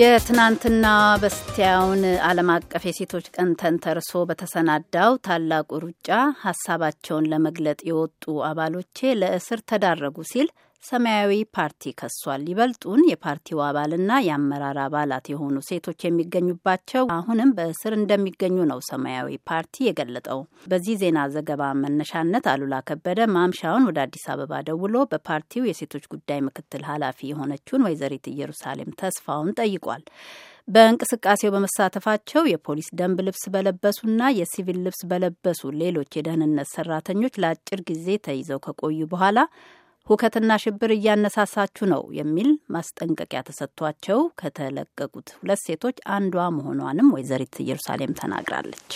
የትናንትና በስቲያውን ዓለም አቀፍ የሴቶች ቀን ተንተርሶ በተሰናዳው ታላቁ ሩጫ ሀሳባቸውን ለመግለጥ የወጡ አባሎቼ ለእስር ተዳረጉ ሲል ሰማያዊ ፓርቲ ከሷል። ይበልጡን የፓርቲው አባልና የአመራር አባላት የሆኑ ሴቶች የሚገኙባቸው አሁንም በእስር እንደሚገኙ ነው ሰማያዊ ፓርቲ የገለጠው። በዚህ ዜና ዘገባ መነሻነት አሉላ ከበደ ማምሻውን ወደ አዲስ አበባ ደውሎ በፓርቲው የሴቶች ጉዳይ ምክትል ኃላፊ የሆነችውን ወይዘሪት ኢየሩሳሌም ተስፋውን ጠይቋል። በእንቅስቃሴው በመሳተፋቸው የፖሊስ ደንብ ልብስ በለበሱና የሲቪል ልብስ በለበሱ ሌሎች የደህንነት ሰራተኞች ለአጭር ጊዜ ተይዘው ከቆዩ በኋላ ሁከትና ሽብር እያነሳሳችሁ ነው የሚል ማስጠንቀቂያ ተሰጥቷቸው ከተለቀቁት ሁለት ሴቶች አንዷ መሆኗንም ወይዘሪት ኢየሩሳሌም ተናግራለች።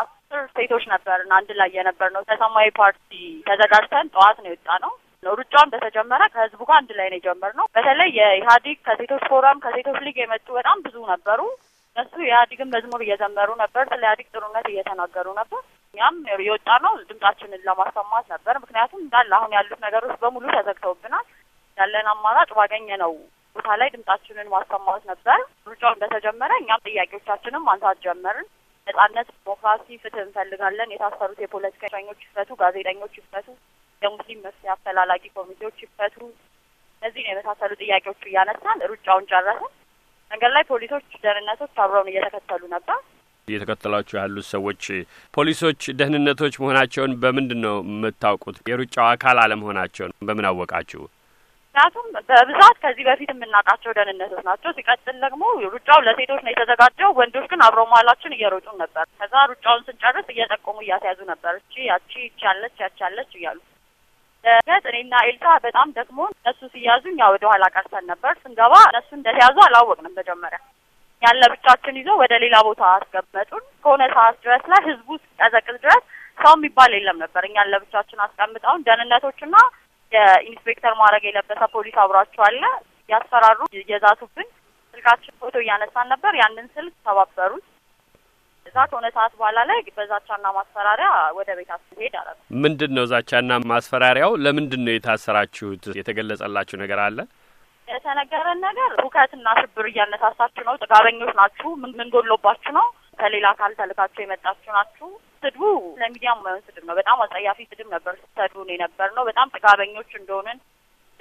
አስር ሴቶች ነበርን አንድ ላይ የነበር ነው። ከሰማያዊ ፓርቲ ተዘጋጅተን ጠዋት ነው የወጣ ነው። ሩጫም በተጀመረ ከህዝቡ ጋር አንድ ላይ ነው የጀመርነው። በተለይ የኢህአዴግ ከሴቶች ፎረም፣ ከሴቶች ሊግ የመጡ በጣም ብዙ ነበሩ። እነሱ የኢህአዴግን መዝሙር እየዘመሩ ነበር። ስለ ኢህአዴግ ጥሩነት እየተናገሩ ነበር። እኛም የወጣ ነው ድምጻችንን ለማሰማት ነበር። ምክንያቱም እንዳለ አሁን ያሉት ነገሮች በሙሉ ተዘግተውብናል። ያለን አማራጭ ባገኘ ነው ቦታ ላይ ድምጻችንን ማሰማት ነበር። ሩጫውን እንደተጀመረ እኛም ጥያቄዎቻችንን ማንሳት ጀመርን። ነጻነት፣ ዲሞክራሲ፣ ፍትህ እንፈልጋለን። የታሰሩት የፖለቲካ እስረኞች ይፈቱ፣ ጋዜጠኞች ይፈቱ፣ የሙስሊም መፍትሄ አፈላላጊ ኮሚቴዎች ይፈቱ። እነዚህ ነው የመሳሰሉ ጥያቄዎቹ እያነሳን ሩጫውን ጨረስን። መንገድ ላይ ፖሊሶች፣ ደህንነቶች አብረውን እየተከተሉ ነበር። እየተከተሏቸው ያሉት ሰዎች ፖሊሶች ደህንነቶች መሆናቸውን በምንድን ነው የምታውቁት? የሩጫው አካል አለመሆናቸውን በምን አወቃችሁ? ምክንያቱም በብዛት ከዚህ በፊት የምናውቃቸው ደህንነቶች ናቸው። ሲቀጥል ደግሞ ሩጫው ለሴቶች ነው የተዘጋጀው። ወንዶች ግን አብረው መሀላችን እየሮጡ ነበር። ከዛ ሩጫውን ስንጨርስ እየጠቆሙ እያስያዙ ነበር። እቺ ያቺ ይቺ ያለች ያቺ ያለች እያሉ ገጥ እኔና ኤልሳ በጣም ደግሞ እነሱ ሲያዙ እኛ ወደ ኋላ ቀርተን ነበር። ስንገባ እነሱ እንደተያዙ አላወቅንም መጀመሪያ ያለ ብቻችን ይዞ ወደ ሌላ ቦታ አስቀመጡን። ከሆነ ሰዓት ድረስ ላይ ህዝቡ ሲቀዘቅዝ ድረስ ሰው የሚባል የለም ነበር። እኛን ለብቻችን አስቀምጠውን ደህንነቶችና የኢንስፔክተር ማድረግ የለበሰ ፖሊስ አብራቸው አለ። ያስፈራሩ፣ የዛቱብን። ስልካችን ፎቶ እያነሳን ነበር። ያንን ስልክ ተባበሩት። እዛ ከሆነ ሰዓት በኋላ ላይ በዛቻና ማስፈራሪያ ወደ ቤት አስሄድ አለ። ምንድን ነው ዛቻና ማስፈራሪያው? ለምንድን ነው የታሰራችሁት? የተገለጸላችሁ ነገር አለ? የተነገረን ነገር ሁከትና ሽብር እያነሳሳችሁ ነው፣ ጥጋበኞች ናችሁ፣ ምን ጎሎባችሁ ነው፣ ከሌላ አካል ተልካችሁ የመጣችሁ ናችሁ። ስድቡ ለሚዲያም የማይሆን ስድብ ነው። በጣም አጸያፊ ስድብ ነበር። ሰድቡን የነበር ነው። በጣም ጥጋበኞች እንደሆንን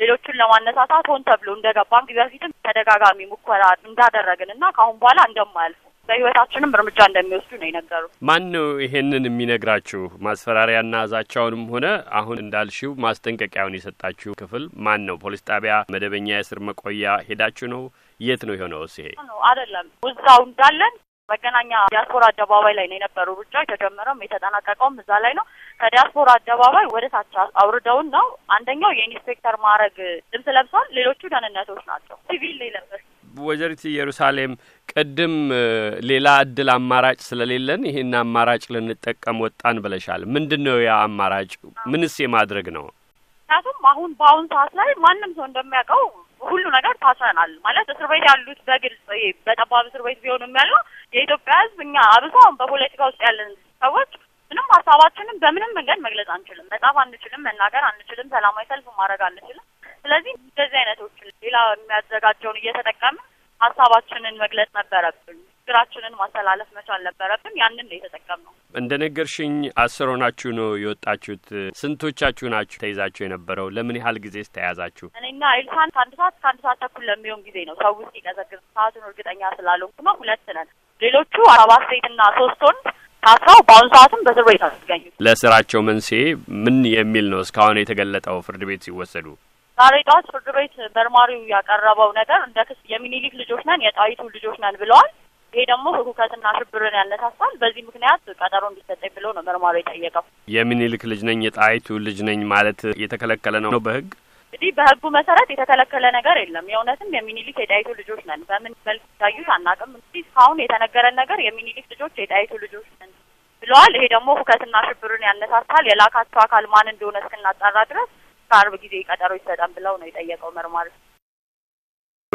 ሌሎችን ለማነሳሳት ሆን ተብሎ እንደገባን ጊዜ በፊትም ተደጋጋሚ ሙከራ እንዳደረግን እና ከአሁን በኋላ እንደማያልፍ በህይወታችንም እርምጃ እንደሚወስዱ ነው የነገሩ። ማን ነው ይሄንን የሚነግራችሁ? ማስፈራሪያና ዛቻውንም ሆነ አሁን እንዳልሽው ማስጠንቀቂያውን የሰጣችሁ ክፍል ማን ነው? ፖሊስ ጣቢያ፣ መደበኛ የስር መቆያ ሄዳችሁ ነው? የት ነው የሆነውስ? ይሄ አይደለም። እዛው እንዳለን መገናኛ ዲያስፖራ አደባባይ ላይ ነው የነበሩ ሩጫ። የተጀመረውም የተጠናቀቀውም እዛ ላይ ነው። ከዲያስፖራ አደባባይ ወደ ታች አውርደውን ነው። አንደኛው የኢንስፔክተር ማዕረግ ልብስ ለብሷል። ሌሎቹ ደህንነቶች ናቸው፣ ሲቪል የለበሱ። ወይዘሪት ኢየሩሳሌም ቅድም ሌላ እድል አማራጭ ስለሌለን ይህን አማራጭ ልንጠቀም ወጣን ብለሻል። ምንድን ነው ያ አማራጭ? ምንስ የማድረግ ነው? ምክንያቱም አሁን በአሁን ሰዓት ላይ ማንም ሰው እንደሚያውቀው ሁሉ ነገር ታስረናል። ማለት እስር ቤት ያሉት በግልጽ በጠባብ እስር ቤት ቢሆኑም ያለው የኢትዮጵያ ሕዝብ እኛ አብሶ አሁን በፖለቲካ ውስጥ ያለን ሰዎች ምንም ሀሳባችንም በምንም መንገድ መግለጽ አንችልም፣ መጻፍ አንችልም፣ መናገር አንችልም፣ ሰላማዊ ሰልፍ ማድረግ አንችልም። ስለዚህ እንደዚህ አይነቶችን ሌላ የሚያዘጋጀውን እየተጠቀምን ሀሳባችንን መግለጽ ነበረብን። ችግራችንን ማስተላለፍ መቻል ነበረብን። ያንን ነው የተጠቀምነው። እንደ ነገርሽኝ አስር ሆናችሁ ነው የወጣችሁት። ስንቶቻችሁ ናችሁ ተይዛችሁ የነበረው? ለምን ያህል ጊዜ ተያዛችሁ? እኔና ኤልሳን ከአንድ ሰዓት ከአንድ ሰዓት ተኩል ለሚሆን ጊዜ ነው ሰው ሲቀዘቅዝ። ሰዓቱን እርግጠኛ ስላልሆንኩማ ሁለት ነን። ሌሎቹ አራት ሴትና ሶስት ወንድ ታስረው በአሁኑ ሰዓትም በእስር ቤት ይገኙ። ለስራቸው መንስኤ ምን የሚል ነው እስካሁን የተገለጠው ፍርድ ቤት ሲወሰዱ ዛሬ ጠዋት ፍርድ ቤት መርማሪው ያቀረበው ነገር እንደ ክስ የሚኒሊክ ልጆች ነን፣ የጣይቱ ልጆች ነን ብለዋል። ይሄ ደግሞ ሁከትና ሽብርን ያነሳሳል። በዚህ ምክንያት ቀጠሮ እንዲሰጠኝ ብሎ ነው መርማሪ የጠየቀው። የሚኒሊክ ልጅ ነኝ፣ የጣይቱ ልጅ ነኝ ማለት የተከለከለ ነው በህግ እንግዲህ በህጉ መሰረት የተከለከለ ነገር የለም። የእውነትም የሚኒሊክ የጣይቱ ልጆች ነን። በምን መልክ ይታዩት አናውቅም። እንግዲህ እስካሁን የተነገረን ነገር የሚኒሊክ ልጆች የጣይቱ ልጆች ነን ብለዋል። ይሄ ደግሞ ሁከትና ሽብርን ያነሳሳል። የላካቸው አካል ማን እንደሆነ እስክናጣራ ድረስ ከአርብ ጊዜ ቀጠሮ ይሰጠን ብለው ነው የጠየቀው መርማሪ።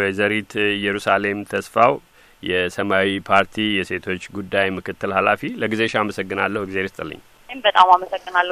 ወይዘሪት ኢየሩሳሌም ተስፋው የሰማያዊ ፓርቲ የሴቶች ጉዳይ ምክትል ኃላፊ፣ ለጊዜሽ አመሰግናለሁ። እግዜር ይስጥልኝ። በጣም አመሰግናለሁ።